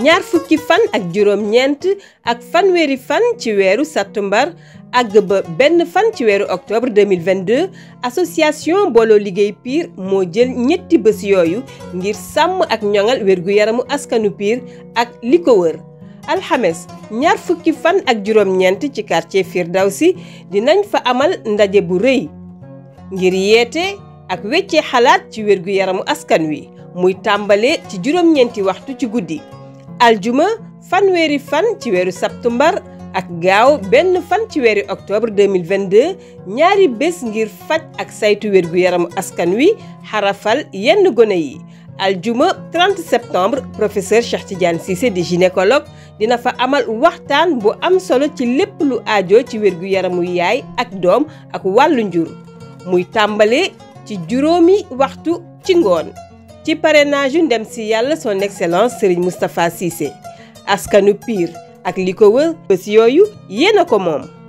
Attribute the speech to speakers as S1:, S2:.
S1: ñaar fukki fan ak juróom ñeent ak fanweeri fan ci weeru sattumbar ak ba benn fan ci weeru octobre 2022 association booloo liggéey piir moo jël ñetti bés yooyu ngir sàmm ak ñoŋal wérgu yaramu askanu piir ak li ko wër alxames ñaar fukki fan ak juróom ñeent ci quartier si dinañ fa amal ndaje bu rëy ngir yeete ak weccee xalaat ci wérgu yaramu askan wi muy tàmbalee ci juróom ñeenti waxtu ci guddi aljuma fanweeri fan ci weeru septembar ak gaaw benn fan ci weeri octobre 2022 ñaari bés ngir faj ak saytu wérgu yaramu askan wi xarafal yenn gone yi aljuma 30 septembre professeur Cheikh Tidiane Cissé di gynécologue dina fa amal waxtaan bu am solo ci lépp lu ajo ci wérgu yaramu yaay ak doom ak wàllu njur muy tàmbale ci juróomi waxtu ci ngoon ci parrainage yu ndem si yàlla son excellence Serigne Moustapha Cissé askanu Pire ak li ko wër bés yooyu yéen a ko moom.